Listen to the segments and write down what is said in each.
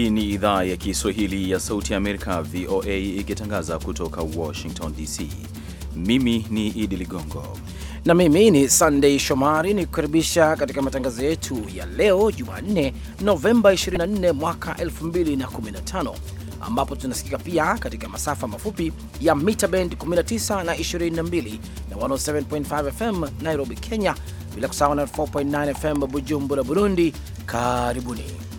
Hii ni idhaa ya Kiswahili ya Sauti ya Amerika, VOA, ikitangaza kutoka Washington DC. Mimi ni Idi Ligongo na mimi ni sandei Shomari ni kukaribisha katika matangazo yetu ya leo Jumanne, Novemba 24 mwaka 2015 ambapo tunasikika pia katika masafa mafupi ya mita bend 19 na 22 na 107.5 FM Nairobi, Kenya, bila kusahau na 4.9 FM Bujumbura, Burundi. Karibuni.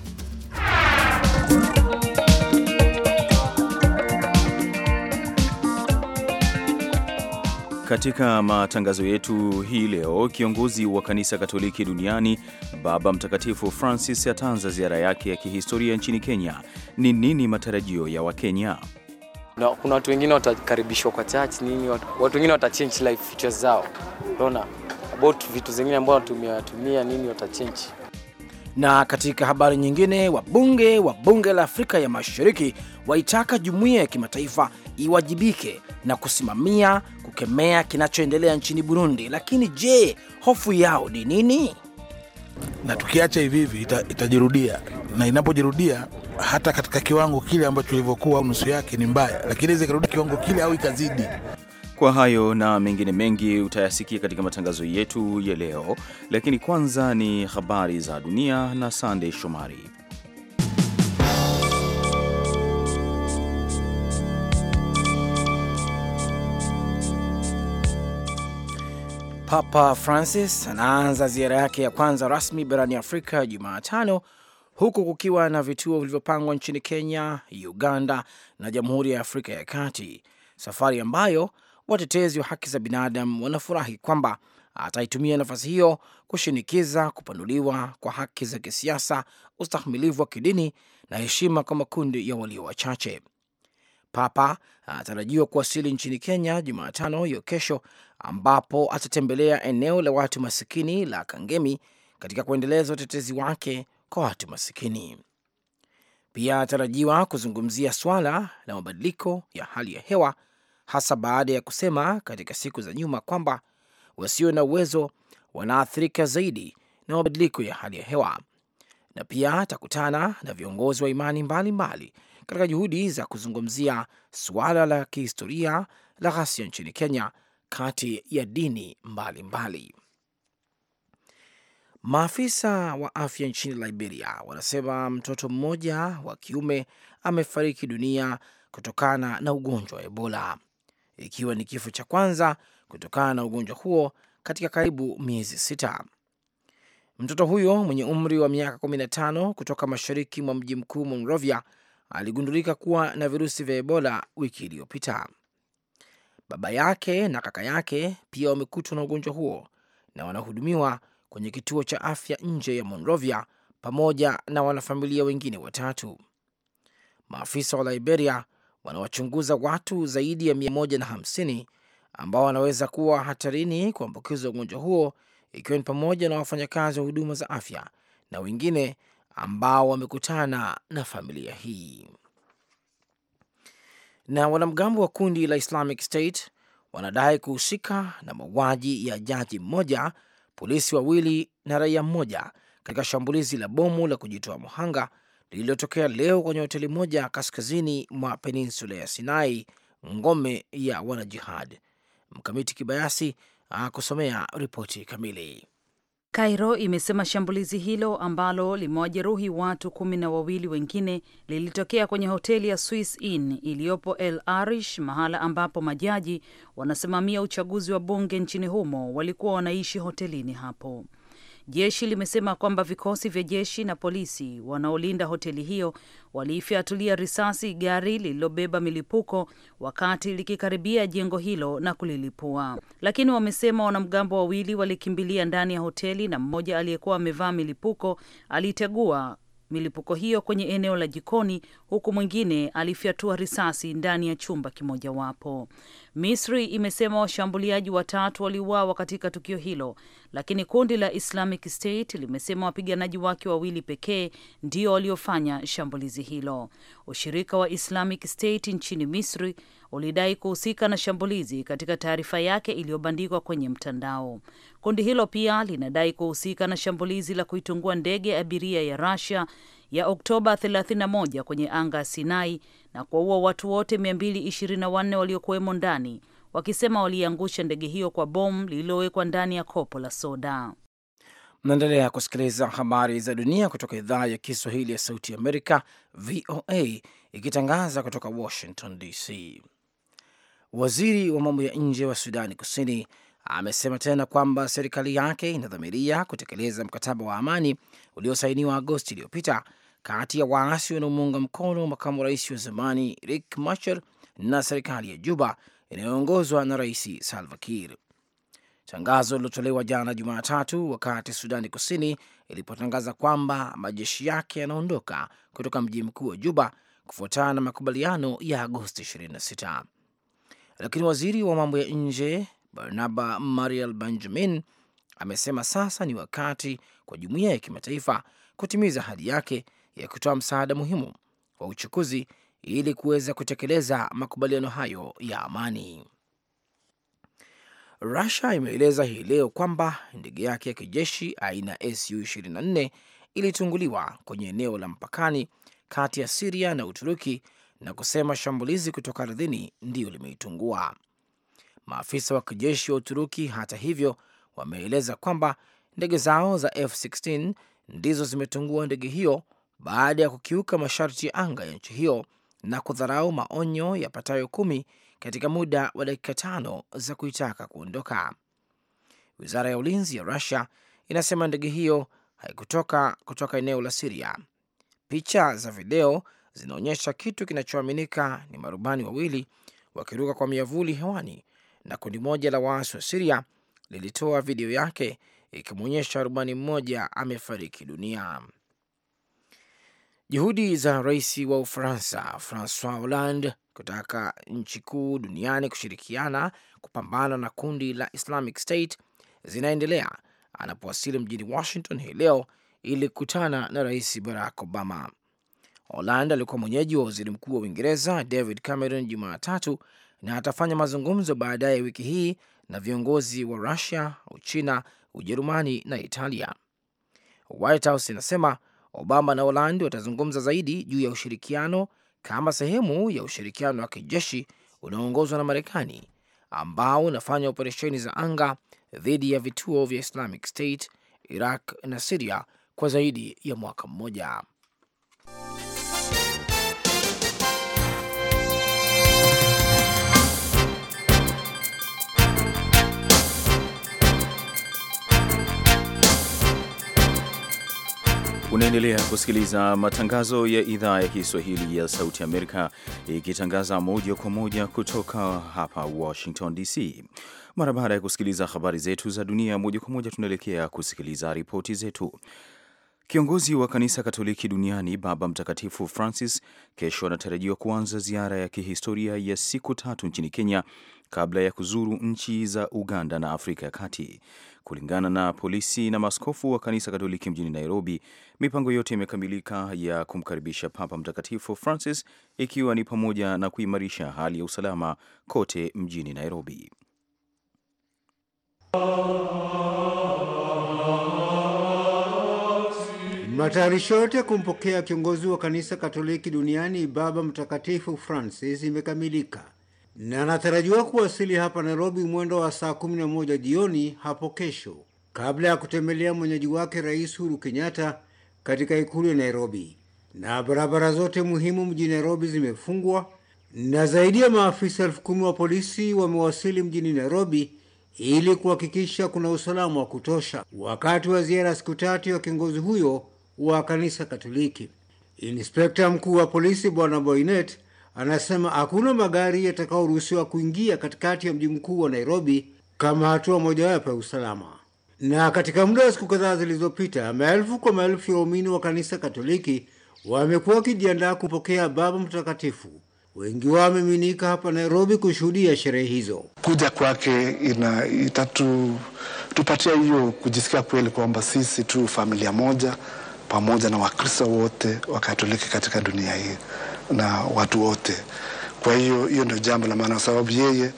Katika matangazo yetu hii leo, kiongozi wa kanisa Katoliki duniani Baba Mtakatifu Francis ataanza ziara yake ya kihistoria nchini Kenya. Ni nini matarajio ya Wakenya? No, kuna watu wengine watakaribishwa kwa church nini, watu wengine watachange life features zao, unaona about vitu zingine ambao wanatumia tumia nini, watachange na katika habari nyingine, wabunge wa bunge la Afrika ya Mashariki waitaka jumuiya ya kimataifa iwajibike na kusimamia kukemea kinachoendelea nchini Burundi. Lakini je, hofu yao ni nini? Na tukiacha hivi hivi ita, itajirudia na inapojirudia hata katika kiwango kile ambacho ilivyokuwa nusu yake ni mbaya, lakini iweze ikarudi kiwango kile au ikazidi. Kwa hayo na mengine mengi utayasikia katika matangazo yetu ya leo, lakini kwanza ni habari za dunia na Sandey Shomari. Papa Francis anaanza ziara yake ya kwanza rasmi barani Afrika Jumatano, huku kukiwa na vituo vilivyopangwa nchini Kenya, Uganda na Jamhuri ya Afrika ya Kati, safari ambayo watetezi wa haki za binadamu wanafurahi kwamba ataitumia nafasi hiyo kushinikiza kupanuliwa kwa haki za kisiasa, ustahimilivu wa kidini na heshima kwa makundi ya walio wachache. Papa anatarajiwa kuwasili nchini Kenya Jumatano hiyo kesho, ambapo atatembelea eneo la watu masikini la Kangemi katika kuendeleza utetezi wake kwa watu masikini. Pia anatarajiwa kuzungumzia swala la mabadiliko ya hali ya hewa hasa baada ya kusema katika siku za nyuma kwamba wasio na uwezo wanaathirika zaidi na mabadiliko ya hali ya hewa, na pia atakutana na viongozi wa imani mbalimbali katika juhudi za kuzungumzia suala la kihistoria la ghasia nchini Kenya kati ya dini mbalimbali mbali. Maafisa wa afya nchini Liberia wanasema mtoto mmoja wa kiume amefariki dunia kutokana na ugonjwa wa Ebola ikiwa ni kifo cha kwanza kutokana na ugonjwa huo katika karibu miezi sita. Mtoto huyo mwenye umri wa miaka 15 kutoka mashariki mwa mji mkuu Monrovia aligundulika kuwa na virusi vya Ebola wiki iliyopita. Baba yake na kaka yake pia wamekutwa na ugonjwa huo na wanahudumiwa kwenye kituo cha afya nje ya Monrovia pamoja na wanafamilia wengine watatu. Maafisa wa Liberia wanawachunguza watu zaidi ya 150 ambao wanaweza kuwa hatarini kuambukizwa ugonjwa huo, ikiwa ni pamoja na wafanyakazi wa huduma za afya na wengine ambao wamekutana na familia hii. Na wanamgambo wa kundi la Islamic State wanadai kuhusika na mauaji ya jaji mmoja, polisi wawili na raia mmoja katika shambulizi la bomu la kujitoa muhanga lililotokea leo kwenye hoteli moja kaskazini mwa peninsula ya Sinai, ngome ya wanajihad. Mkamiti Kibayasi akusomea ripoti kamili. Kairo imesema shambulizi hilo ambalo limewajeruhi watu kumi na wawili wengine lilitokea kwenye hoteli ya Swiss Inn iliyopo El Arish, mahala ambapo majaji wanasimamia uchaguzi wa bunge nchini humo walikuwa wanaishi hotelini hapo. Jeshi limesema kwamba vikosi vya jeshi na polisi wanaolinda hoteli hiyo waliifyatulia risasi gari lililobeba milipuko wakati likikaribia jengo hilo na kulilipua, lakini wamesema wanamgambo wawili walikimbilia ndani ya hoteli na mmoja aliyekuwa amevaa milipuko alitegua milipuko hiyo kwenye eneo la jikoni huku mwingine alifyatua risasi ndani ya chumba kimojawapo. Misri imesema washambuliaji watatu waliuawa katika tukio hilo, lakini kundi la Islamic State limesema wapiganaji wake wawili pekee ndio waliofanya shambulizi hilo. Ushirika wa Islamic State nchini Misri ulidai kuhusika na shambulizi katika taarifa yake iliyobandikwa kwenye mtandao. Kundi hilo pia linadai kuhusika na shambulizi la kuitungua ndege abiria ya Russia ya Oktoba 31 kwenye anga ya Sinai na kuwaua watu wote 224 waliokuwemo ndani, wakisema waliiangusha ndege hiyo kwa bomu lililowekwa ndani ya kopo la soda. Mnaendelea kusikiliza habari za dunia kutoka idhaa ya Kiswahili ya Sauti Amerika, VOA, ikitangaza kutoka Washington DC. Waziri wa mambo ya nje wa Sudani Kusini amesema tena kwamba serikali yake inadhamiria kutekeleza mkataba wa amani uliosainiwa Agosti iliyopita kati ya waasi wanaomuunga mkono makamu rais wa zamani rik Machar na serikali ya Juba inayoongozwa na Rais Salva Kiir. Tangazo lilotolewa jana Jumatatu wakati Sudani Kusini ilipotangaza kwamba majeshi yake yanaondoka kutoka mji mkuu wa Juba kufuatana na makubaliano ya Agosti 26, lakini waziri wa mambo ya nje Barnaba Mariel Benjamin amesema sasa ni wakati kwa jumuiya ya kimataifa kutimiza hadi yake ya kutoa msaada muhimu wa uchukuzi ili kuweza kutekeleza makubaliano hayo ya amani. Rusia imeeleza hii leo kwamba ndege yake ya kijeshi aina Su-24 ilitunguliwa kwenye eneo la mpakani kati ya Siria na Uturuki na kusema shambulizi kutoka ardhini ndiyo limeitungua. Maafisa wa kijeshi wa Uturuki hata hivyo wameeleza kwamba ndege zao za F16 ndizo zimetungua ndege hiyo baada ya kukiuka masharti ya anga ya nchi hiyo na kudharau maonyo ya patayo kumi katika muda wa dakika tano za kuitaka kuondoka. Wizara ya ulinzi ya Rusia inasema ndege hiyo haikutoka kutoka eneo la Siria. Picha za video zinaonyesha kitu kinachoaminika ni marubani wawili wakiruka kwa miavuli hewani, na kundi moja la waasi wa Siria lilitoa video yake ikimwonyesha rubani mmoja amefariki dunia. Juhudi za rais wa Ufaransa Francois Hollande kutaka nchi kuu duniani kushirikiana kupambana na kundi la Islamic State zinaendelea anapowasili mjini Washington hii leo ili kukutana na rais Barack Obama. Hollande alikuwa mwenyeji wa waziri mkuu wa Uingereza David Cameron Jumatatu na atafanya mazungumzo baadaye wiki hii na viongozi wa Rusia, Uchina, Ujerumani na Italia. White House inasema Obama na Holand watazungumza zaidi juu ya ushirikiano kama sehemu ya ushirikiano wa kijeshi unaoongozwa na Marekani ambao unafanya operesheni za anga dhidi ya vituo vya Islamic State, Iraq na Siria kwa zaidi ya mwaka mmoja. Unaendelea kusikiliza matangazo ya idhaa ya Kiswahili ya Sauti Amerika ikitangaza moja kwa moja kutoka hapa Washington DC. Mara baada ya kusikiliza habari zetu za dunia moja kwa moja, tunaelekea kusikiliza ripoti zetu. Kiongozi wa kanisa Katoliki duniani Baba Mtakatifu Francis kesho anatarajiwa kuanza ziara ya kihistoria ya siku tatu nchini Kenya kabla ya kuzuru nchi za Uganda na Afrika ya Kati. Kulingana na polisi na maaskofu wa kanisa Katoliki mjini Nairobi, mipango yote imekamilika ya kumkaribisha Papa Mtakatifu Francis, ikiwa ni pamoja na kuimarisha hali ya usalama kote mjini Nairobi. Matayarisho yote ya kumpokea kiongozi wa kanisa Katoliki duniani Baba Mtakatifu Francis imekamilika na anatarajiwa kuwasili hapa Nairobi mwendo wa saa 11 jioni hapo kesho, kabla ya kutembelea mwenyeji wake Rais Uhuru Kenyatta katika ikulu ya Nairobi. Na barabara zote muhimu mjini Nairobi zimefungwa na zaidi ya maafisa elfu kumi wa polisi wamewasili mjini Nairobi ili kuhakikisha kuna usalama wa kutosha wakati wa ziara ya siku tatu ya kiongozi huyo wa kanisa Katoliki. Inspekta mkuu wa polisi Bwana Boynet anasema hakuna magari yatakayoruhusiwa kuingia katikati ya mji mkuu wa Nairobi kama hatua mojawapo ya usalama. Na katika muda wa siku kadhaa zilizopita, maelfu kwa maelfu ya waumini wa kanisa Katoliki wamekuwa wakijiandaa kupokea Baba Mtakatifu. Wengi wao wameminika hapa Nairobi kushuhudia sherehe hizo. Kuja kwake itatupatia hiyo kujisikia kweli kwamba sisi tu familia moja pamoja na Wakristo wote wa katoliki katika dunia hii na watu wote. Kwa hiyo hiyo ndio jambo la maana, kwa sababu yeye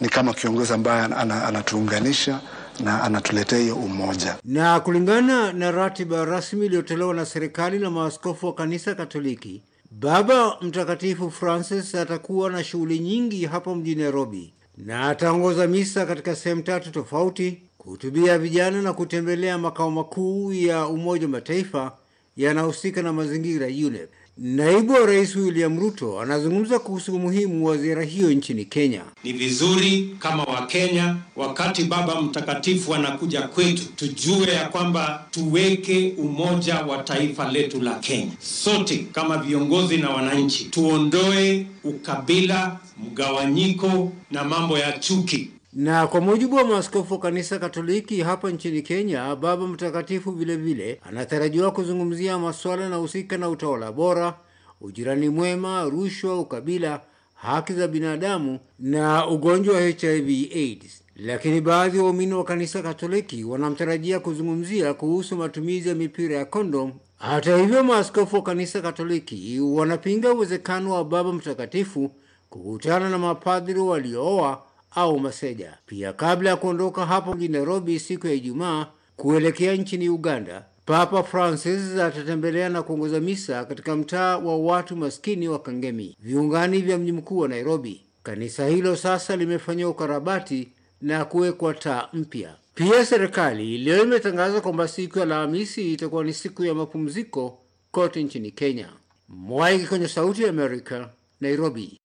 ni kama kiongozi ambaye anatuunganisha na anatuletea hiyo umoja. Na kulingana na ratiba rasmi iliyotolewa na serikali na maaskofu wa kanisa Katoliki, Baba Mtakatifu Francis atakuwa na shughuli nyingi hapo mjini Nairobi na ataongoza misa katika sehemu tatu tofauti kuhutubia vijana na kutembelea makao makuu ya Umoja wa Mataifa yanahusika na mazingira UNEP. Naibu wa Rais William Ruto anazungumza kuhusu umuhimu wa ziara hiyo nchini Kenya. Ni vizuri kama Wakenya, wakati Baba Mtakatifu anakuja kwetu, tujue ya kwamba tuweke umoja wa taifa letu la Kenya. Sote kama viongozi na wananchi, tuondoe ukabila, mgawanyiko na mambo ya chuki na kwa mujibu wa maaskofu wa kanisa Katoliki hapa nchini Kenya, Baba Mtakatifu vilevile anatarajiwa kuzungumzia masuala yanahusika na utawala bora, ujirani mwema, rushwa, ukabila, haki za binadamu na ugonjwa wa HIV AIDS. Lakini baadhi ya waumini wa kanisa Katoliki wanamtarajia kuzungumzia kuhusu matumizi ya mipira ya kondom. Hata hivyo, maaskofu wa kanisa Katoliki wanapinga uwezekano wa Baba Mtakatifu kukutana na mapadhiri waliooa au Maseja. Pia kabla ya kuondoka hapo mjini Nairobi siku ya Ijumaa kuelekea nchini Uganda, Papa Francis atatembelea na kuongoza misa katika mtaa wa watu maskini wa Kangemi, viungani vya mji mkuu wa Nairobi. Kanisa hilo sasa limefanyiwa ukarabati na kuwekwa taa mpya. Pia serikali leo imetangaza kwamba siku ya Alhamisi itakuwa ni siku ya mapumziko kote nchini Kenya. Mwaiki kwenye Sauti ya Amerika, Nairobi.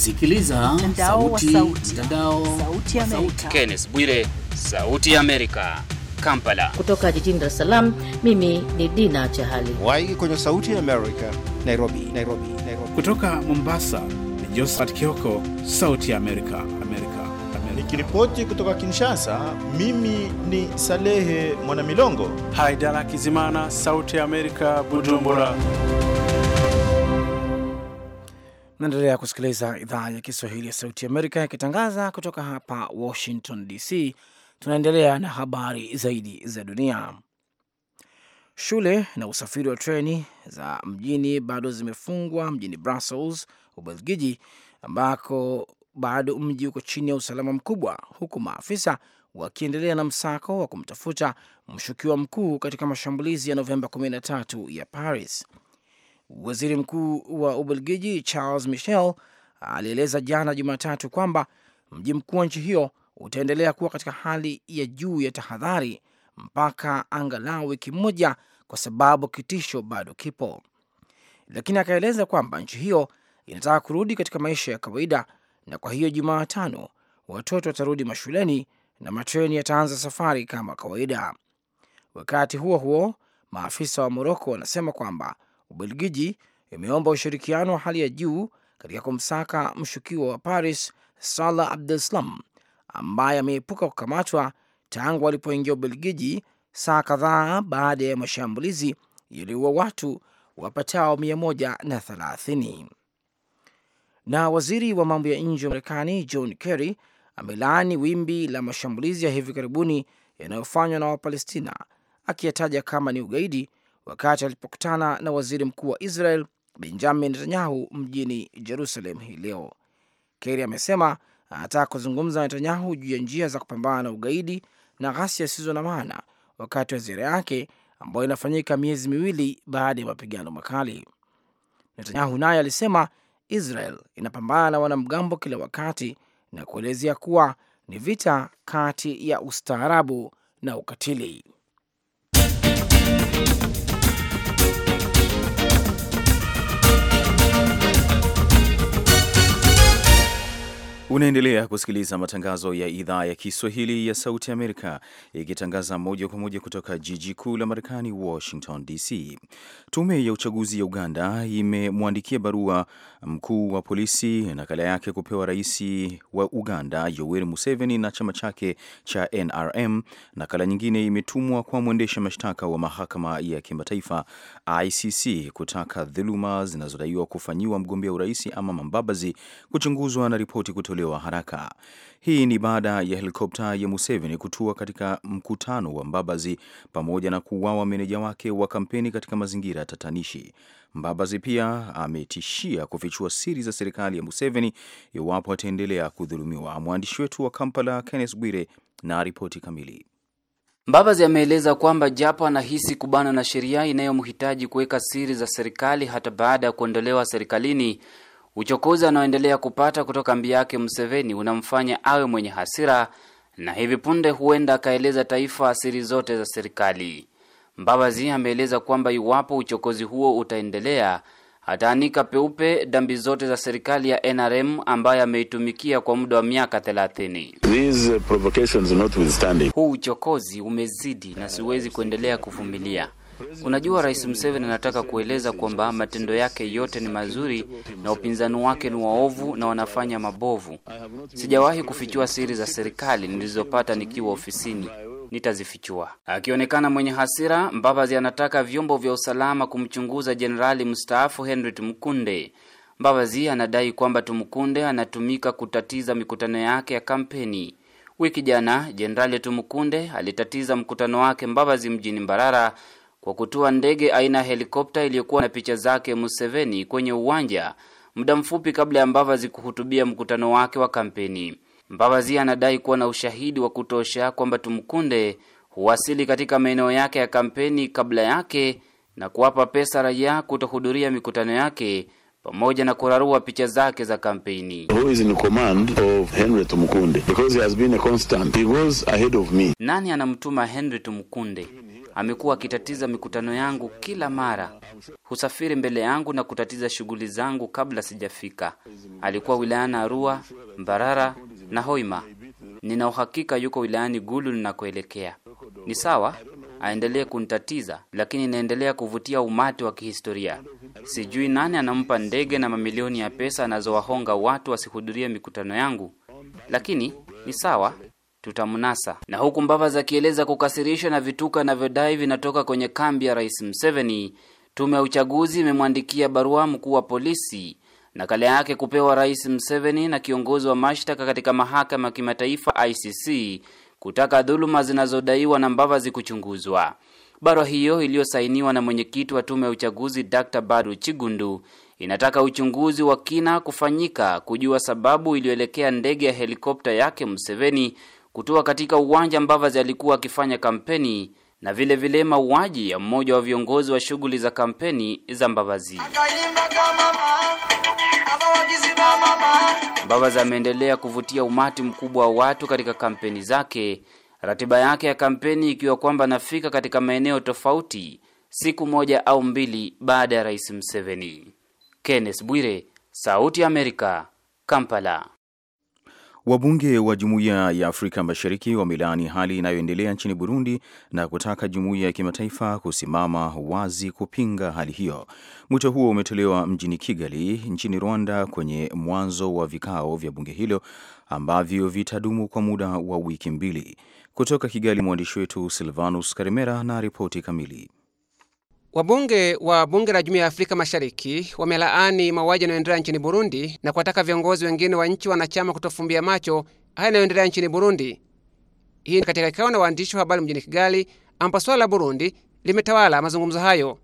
Sikiliza mtandao sauti, sauti, mtandao sauti ya Amerika. Kenneth Bwire, sauti ya Amerika. Kampala. Kutoka jijini Dar es Salaam, mimi ni Dina Chahali. Waigi kwenye sauti ya Amerika, Nairobi, Nairobi, Nairobi. Kutoka Mombasa ni Josephat Kioko, sauti ya Amerika, Amerika, Amerika. Nikiripoti kutoka Kinshasa, mimi ni Salehe Mwanamilongo. Haidara Kizimana, sauti ya Amerika, Bujumbura. Naendelea kusikiliza idhaa ya Kiswahili ya Sauti Amerika ikitangaza kutoka hapa Washington DC. Tunaendelea na habari zaidi za dunia. Shule na usafiri wa treni za mjini bado zimefungwa mjini Brussels, Ubelgiji, ambako bado mji uko chini ya usalama mkubwa, huku maafisa wakiendelea na msako wa kumtafuta mshukiwa mkuu katika mashambulizi ya Novemba 13 ya Paris. Waziri mkuu wa Ubelgiji Charles Michel alieleza jana Jumatatu kwamba mji mkuu wa nchi hiyo utaendelea kuwa katika hali ya juu ya tahadhari mpaka angalau wiki moja, kwa sababu kitisho bado kipo, lakini akaeleza kwamba nchi hiyo inataka kurudi katika maisha ya kawaida, na kwa hiyo Jumatano watoto watarudi mashuleni na matreni yataanza safari kama kawaida. Wakati huo huo, maafisa wa Moroko wanasema kwamba Ubelgiji imeomba ushirikiano wa hali ya juu katika kumsaka mshukiwa wa Paris Salah Abdeslam ambaye ameepuka kukamatwa tangu alipoingia Ubelgiji saa kadhaa baada ya mashambulizi yaliyoua watu wapatao 130. Na waziri wa mambo ya nje wa Marekani John Kerry amelaani wimbi la mashambulizi ya hivi karibuni yanayofanywa na Wapalestina akiyataja kama ni ugaidi wakati alipokutana na waziri mkuu wa Israel Benjamin Netanyahu mjini Jerusalem hii leo. Kerry amesema anataka kuzungumza na Netanyahu juu ya njia za kupambana na ugaidi na ghasia zisizo na maana wakati wa ziara yake ambayo inafanyika miezi miwili baada ya mapigano makali. Netanyahu naye alisema Israel inapambana na wanamgambo kila wakati na kuelezea kuwa ni vita kati ya ustaarabu na ukatili. Unaendelea kusikiliza matangazo ya idhaa ya Kiswahili ya Sauti Amerika ikitangaza moja kwa moja kutoka jiji kuu la Marekani, Washington DC. Tume ya uchaguzi ya Uganda imemwandikia barua mkuu wa polisi, nakala yake kupewa rais wa Uganda Yoweri Museveni na chama chake cha NRM. Nakala nyingine imetumwa kwa mwendesha mashtaka wa mahakama ya kimataifa ICC kutaka dhuluma zinazodaiwa kufanyiwa mgombea urais ama Mambabazi kuchunguzwa na ripoti kutolewa kuondolewa haraka. Hii ni baada ya helikopta ya Museveni kutua katika mkutano wa Mbabazi pamoja na kuuawa meneja wake wa kampeni katika mazingira tatanishi. Mbabazi pia ametishia kufichua siri za serikali ya Museveni iwapo ataendelea kudhulumiwa. Mwandishi wetu wa Kampala, Kenneth Bwire, na ripoti kamili. Mbabazi ameeleza kwamba japo anahisi kubana na sheria inayomhitaji kuweka siri za serikali hata baada ya kuondolewa serikalini Uchokozi anaoendelea kupata kutoka mbi yake mseveni unamfanya awe mwenye hasira na hivi punde huenda akaeleza taifa asiri zote za serikali. Mbabazi ameeleza kwamba iwapo uchokozi huo utaendelea, ataanika peupe dambi zote za serikali ya NRM ambayo ameitumikia kwa muda wa miaka 30. Uh, Huu uchokozi umezidi na siwezi kuendelea kuvumilia. Unajua, Rais Museveni anataka kueleza kwamba matendo yake yote ni mazuri na upinzani wake ni waovu na wanafanya mabovu. Sijawahi kufichua siri za serikali nilizopata nikiwa ofisini nitazifichua. Akionekana mwenye hasira, Mbabazi anataka vyombo vya usalama kumchunguza jenerali mstaafu Henry Tumukunde. Mbabazi anadai kwamba Tumukunde anatumika kutatiza mikutano yake ya kampeni. Wiki jana, Jenerali Tumukunde alitatiza mkutano wake Mbabazi mjini Mbarara kwa kutua ndege aina ya helikopta iliyokuwa na picha zake Museveni kwenye uwanja muda mfupi kabla ya Mbavazi kuhutubia mkutano wake wa kampeni. Mbavazi anadai kuwa na ushahidi wa kutosha kwamba tumkunde huwasili katika maeneo yake ya kampeni kabla yake na kuwapa pesa raia kutohudhuria mikutano yake pamoja na kurarua picha zake za kampeni. Who is in command of Henry because he has been a constant. He was ahead of me. Nani anamtuma Henry Tumkunde? amekuwa akitatiza mikutano yangu kila mara, husafiri mbele yangu na kutatiza shughuli zangu kabla sijafika. Alikuwa wilayani Arua, Mbarara na Hoima. Nina uhakika yuko wilayani Gulu ninakoelekea. Ni sawa aendelee kunitatiza, lakini inaendelea kuvutia umati wa kihistoria. Sijui nani anampa ndege na mamilioni ya pesa anazowahonga watu wasihudhurie mikutano yangu, lakini ni sawa, tutamnasa. Na huku Mbavazi akieleza kukasirishwa na vituka anavyodai vinatoka kwenye kambi ya Rais Museveni, tume ya uchaguzi imemwandikia barua mkuu wa polisi, nakala yake kupewa Rais Museveni na kiongozi wa mashtaka katika mahakama ya kimataifa ICC kutaka dhuluma zinazodaiwa na Mbavazi kuchunguzwa. Barua hiyo iliyosainiwa na mwenyekiti wa tume ya uchaguzi Dr. Badu Chigundu inataka uchunguzi wa kina kufanyika kujua sababu iliyoelekea ndege ya helikopta yake Museveni kutoa katika uwanja Mbavazi alikuwa akifanya kampeni na vile vile mauaji ya mmoja wa viongozi wa shughuli za kampeni za Mbavazi. Mbavazi ameendelea kuvutia umati mkubwa wa watu katika kampeni zake, ratiba yake ya kampeni ikiwa kwamba anafika katika maeneo tofauti siku moja au mbili baada ya Rais Museveni. Kenneth Bwire, Sauti ya Amerika, Kampala. Wabunge wa Jumuiya ya Afrika Mashariki wamelaani hali inayoendelea nchini Burundi na kutaka jumuiya ya kimataifa kusimama wazi kupinga hali hiyo. Mwito huo umetolewa mjini Kigali nchini Rwanda kwenye mwanzo wa vikao vya bunge hilo ambavyo vitadumu kwa muda wa wiki mbili. Kutoka Kigali, mwandishi wetu Silvanus Karimera na ripoti kamili. Wabunge wa bunge la Jumuiya ya Afrika Mashariki wamelaani mauaji yanayoendelea nchini Burundi na kuwataka viongozi wengine wa nchi wanachama kutofumbia macho haya yanayoendelea nchini Burundi. Hii ni katika kikao na waandishi wa habari mjini Kigali ambapo swala la Burundi limetawala mazungumzo hayo.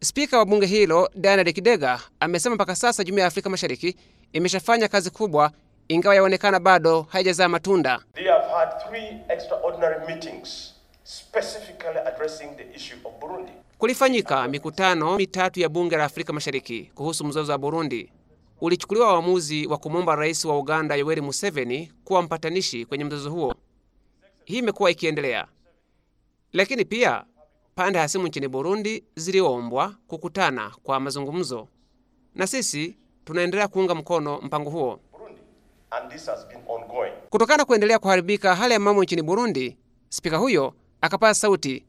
Spika wa bunge hilo Daniel Kidega amesema mpaka sasa Jumuiya ya Afrika Mashariki imeshafanya kazi kubwa, ingawa yaonekana bado haijazaa matunda. Kulifanyika mikutano mitatu ya bunge la Afrika Mashariki kuhusu mzozo wa Burundi. Ulichukuliwa uamuzi wa kumwomba rais wa Uganda Yoweri Museveni kuwa mpatanishi kwenye mzozo huo. Hii imekuwa ikiendelea, lakini pia pande hasimu nchini Burundi ziliombwa kukutana kwa mazungumzo, na sisi tunaendelea kuunga mkono mpango huo. Kutokana na kuendelea kuharibika hali ya mambo nchini Burundi, spika huyo akapaza sauti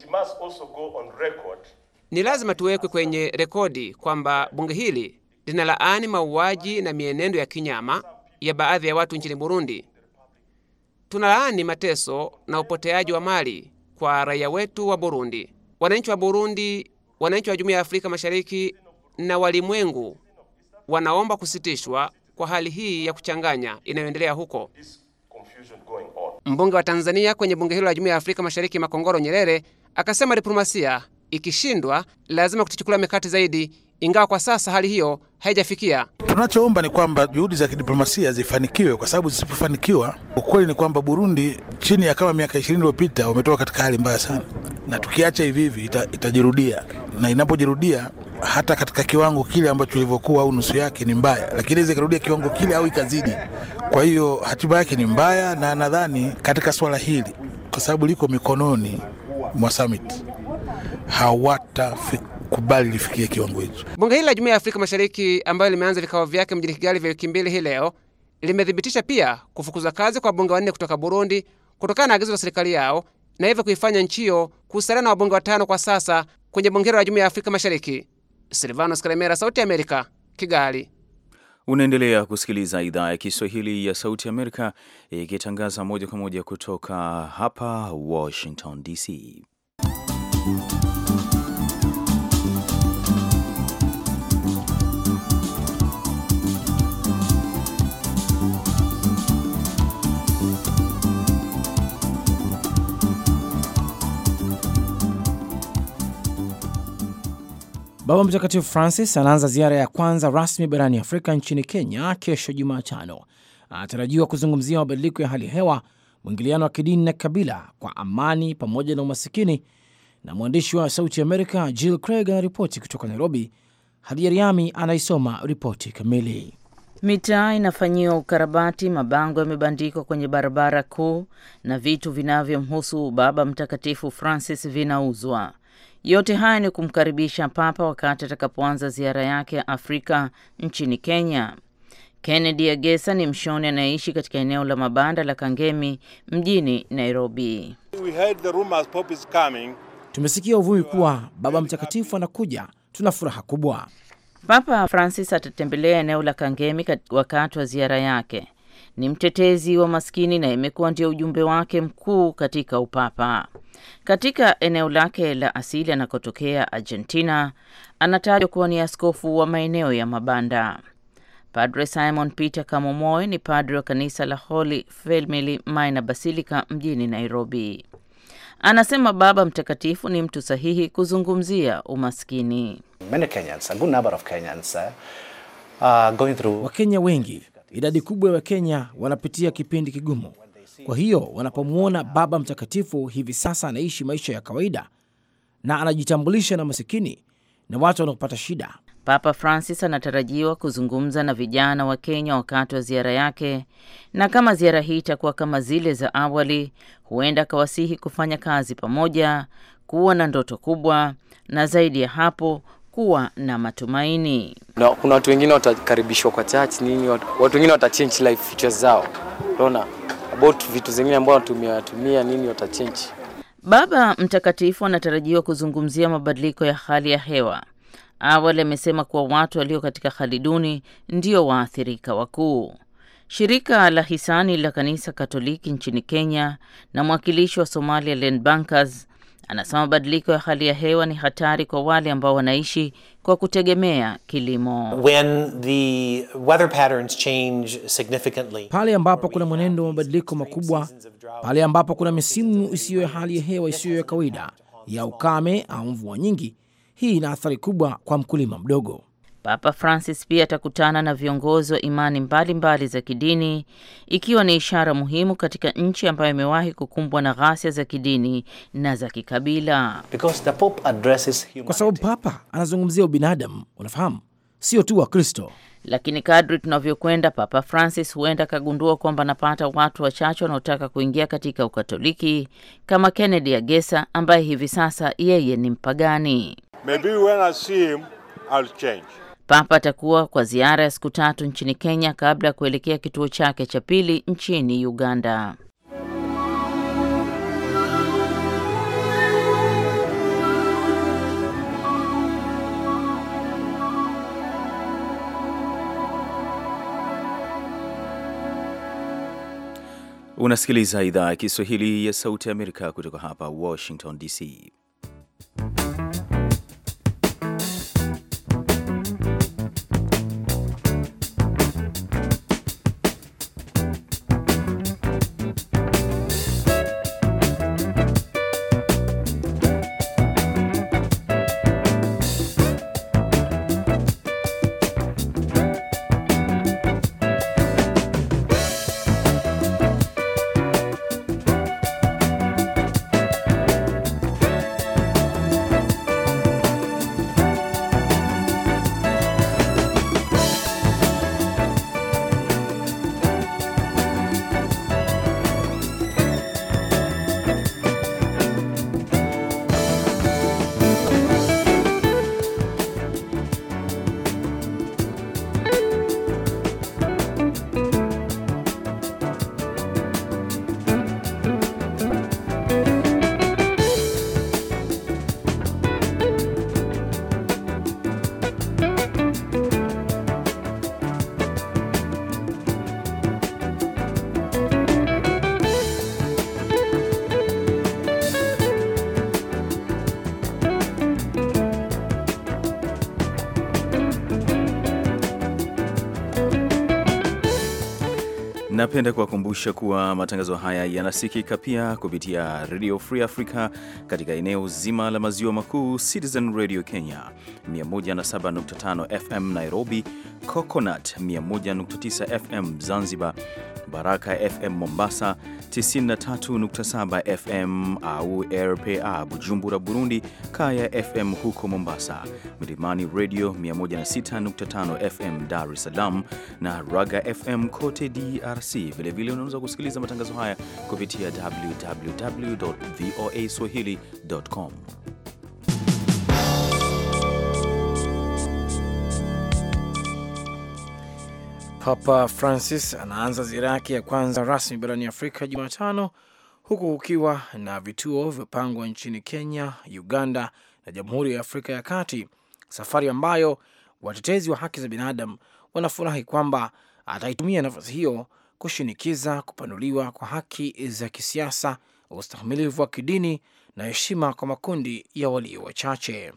ni lazima tuwekwe kwenye rekodi kwamba bunge hili linalaani mauaji na mienendo ya kinyama ya baadhi ya watu nchini Burundi. Tunalaani mateso na upoteaji wa mali kwa raia wetu wa Burundi. Wananchi wa Burundi, wananchi wa Jumuiya ya Afrika Mashariki na walimwengu wanaomba kusitishwa kwa hali hii ya kuchanganya inayoendelea huko. Mbunge wa Tanzania kwenye bunge hilo la Jumuiya ya Afrika Mashariki Makongoro Nyerere akasema diplomasia ikishindwa, lazima kutichukula mikakati zaidi, ingawa kwa sasa hali hiyo haijafikia. Tunachoomba ni kwamba juhudi za kidiplomasia zifanikiwe, kwa sababu zisipofanikiwa, ukweli ni kwamba Burundi chini ya kama miaka ishirini iliyopita wametoka katika hali mbaya sana, na tukiacha hivi hivi ita, itajirudia na inapojirudia hata katika kiwango kile ambacho ilivyokuwa au nusu yake ni mbaya, lakini iweza ikarudia kiwango kile au ikazidi. Kwa hiyo hatima yake ni mbaya, na nadhani katika swala hili, kwa sababu liko mikononi mwa summit hawatakubali lifikie kiwango hicho. Bunge hili la Jumuiya ya Afrika Mashariki ambayo limeanza vikao vyake mjini Kigali vya wiki mbili hii leo limethibitisha pia kufukuza kazi kwa wabunge wanne kutoka Burundi kutokana na agizo la serikali yao na hivyo kuifanya nchi hiyo kusalia na wabunge watano kwa sasa kwenye bunge la Jumuiya ya Afrika Mashariki. Silvanos Karemera, Sauti ya Amerika, Kigali. Unaendelea kusikiliza idhaa ya Kiswahili ya Sauti Amerika ikitangaza moja kwa moja kutoka hapa Washington DC. Baba Mtakatifu Francis anaanza ziara ya kwanza rasmi barani Afrika nchini Kenya kesho Jumatano. Anatarajiwa kuzungumzia mabadiliko ya hali ya hewa, mwingiliano wa kidini na kabila kwa amani, pamoja na umasikini na mwandishi wa Sauti Amerika Jill Craig anaripoti kutoka Nairobi. Hadijariami anaisoma ripoti kamili. Mitaa inafanyiwa ukarabati, mabango yamebandikwa kwenye barabara kuu na vitu vinavyomhusu Baba Mtakatifu Francis vinauzwa. Yote haya ni kumkaribisha Papa wakati atakapoanza ziara yake ya Afrika nchini Kenya. Kennedy Agesa ni mshoni anayeishi katika eneo la mabanda la Kangemi mjini Nairobi. We heard the rumors Pope is coming. Tumesikia uvumi kuwa Baba Mtakatifu anakuja, tuna furaha kubwa. Papa Francis atatembelea eneo la Kangemi wakati wa ziara yake. Ni mtetezi wa maskini na imekuwa ndio ujumbe wake mkuu katika upapa. Katika eneo lake la asili anakotokea Argentina, anatajwa kuwa ni askofu wa maeneo ya mabanda. Padre Simon Peter Kamomoe ni padre wa kanisa la Holy Family Minor Basilica mjini Nairobi. Anasema Baba Mtakatifu ni mtu sahihi kuzungumzia umaskini. Eh, Wakenya wengi, idadi kubwa ya Wakenya wanapitia kipindi kigumu. Kwa hiyo wanapomwona Baba Mtakatifu hivi sasa anaishi maisha ya kawaida na anajitambulisha na masikini na watu wanaopata shida, Papa Francis anatarajiwa kuzungumza na vijana wa Kenya wakati wa ziara yake, na kama ziara hii itakuwa kama zile za awali, huenda akawasihi kufanya kazi pamoja, kuwa na ndoto kubwa, na zaidi ya hapo kuwa na matumaini. Na, kuna watu wengine watakaribishwa kwa church nini, watu wengine watachange life zao, unaona about vitu zingine ambao watumia nini watachange. Baba Mtakatifu anatarajiwa kuzungumzia mabadiliko ya hali ya hewa Awali amesema kuwa watu walio katika hali duni ndio waathirika wakuu. Shirika la hisani la kanisa Katoliki nchini Kenya na mwakilishi wa somalia land Bankers anasema mabadiliko ya hali ya hewa ni hatari kwa wale ambao wanaishi kwa kutegemea kilimo. When the weather patterns change significantly, pale ambapo kuna mwenendo wa mabadiliko makubwa, pale ambapo kuna misimu isiyo ya hali ya hewa isiyo ya kawaida ya ukame au mvua nyingi hii ina athari kubwa kwa mkulima mdogo. Papa Francis pia atakutana na viongozi wa imani mbalimbali mbali za kidini ikiwa ni ishara muhimu katika nchi ambayo imewahi kukumbwa na ghasia za kidini na za kikabila. Kwa sababu Papa anazungumzia ubinadamu, unafahamu, sio tu wa kristo Lakini kadri tunavyokwenda, Papa Francis huenda akagundua kwamba anapata watu wachache wanaotaka kuingia katika Ukatoliki, kama Kennedy Agesa ambaye hivi sasa yeye ni mpagani. Maybe when I see him, I'll change. Papa atakuwa kwa ziara ya siku tatu nchini Kenya kabla ya kuelekea kituo chake cha pili nchini Uganda. Unasikiliza idhaa ya Kiswahili ya Sauti ya Amerika kutoka hapa Washington DC. Napenda kuwakumbusha kuwa matangazo haya yanasikika pia kupitia Radio Free Africa katika eneo zima la maziwa makuu, Citizen Radio Kenya 107.5 FM Nairobi, Coconut 101.9 FM Zanzibar Baraka FM Mombasa 93.7 FM au RPA Bujumbura, Burundi, Kaya FM huko Mombasa, Milimani Radio 106.5 FM Dar es Salaam na Raga FM kote DRC. Vilevile unaweza kusikiliza matangazo haya kupitia www.voaswahili.com. Papa Francis anaanza ziara yake ya kwanza rasmi barani Afrika Jumatano, huku kukiwa na vituo vyopangwa nchini Kenya, Uganda na Jamhuri ya Afrika ya Kati, safari ambayo watetezi wa haki za binadamu wanafurahi kwamba ataitumia nafasi hiyo kushinikiza kupanuliwa kwa haki za kisiasa, ustahimilivu wa kidini na heshima kwa makundi ya walio wachache.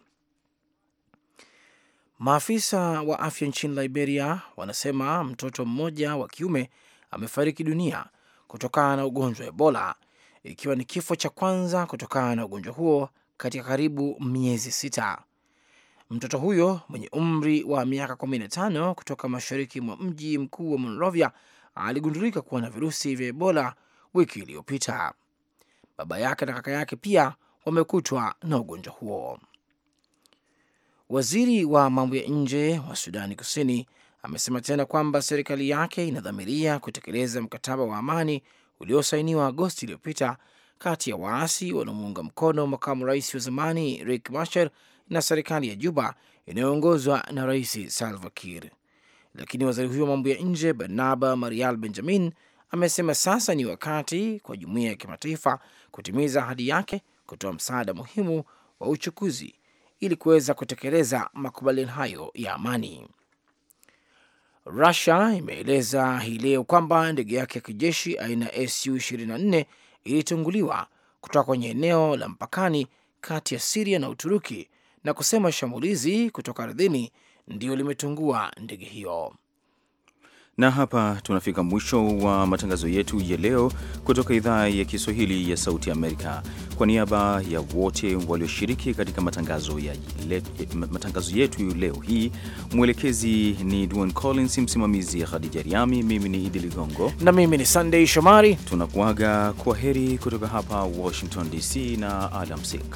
Maafisa wa afya nchini Liberia wanasema mtoto mmoja wa kiume amefariki dunia kutokana na ugonjwa wa Ebola, ikiwa ni kifo cha kwanza kutokana na ugonjwa huo katika karibu miezi sita. Mtoto huyo mwenye umri wa miaka 15 kutoka mashariki mwa mji mkuu wa Monrovia aligundulika kuwa na virusi vya Ebola wiki iliyopita. Baba yake na kaka yake pia wamekutwa na ugonjwa huo. Waziri wa mambo ya nje wa Sudani Kusini amesema tena kwamba serikali yake inadhamiria kutekeleza mkataba wa amani uliosainiwa Agosti iliyopita kati ya waasi wanaomuunga mkono makamu rais wa zamani Riek Machar na serikali ya Juba inayoongozwa na Rais Salva Kiir. Lakini waziri huyo wa mambo ya nje Barnaba Marial Benjamin amesema sasa ni wakati kwa jumuiya ya kimataifa kutimiza ahadi yake kutoa msaada muhimu wa uchukuzi ili kuweza kutekeleza makubaliano hayo ya amani. Rusia imeeleza hii leo kwamba ndege yake ya kijeshi aina ya su 24 ilitunguliwa kutoka kwenye eneo la mpakani kati ya Siria na Uturuki na kusema shambulizi kutoka ardhini ndio limetungua ndege hiyo. Na hapa tunafika mwisho wa matangazo yetu ya leo kutoka idhaa ya Kiswahili ya Sauti Amerika. Kwa niaba ya wote walioshiriki katika matangazo, ya le, matangazo yetu leo hii, mwelekezi ni Duan Collins, msimamizi Khadija Riami, mimi ni Idi Ligongo na mimi ni sandey Shomari. Tunakuaga kwa heri kutoka hapa Washington DC na alamsik.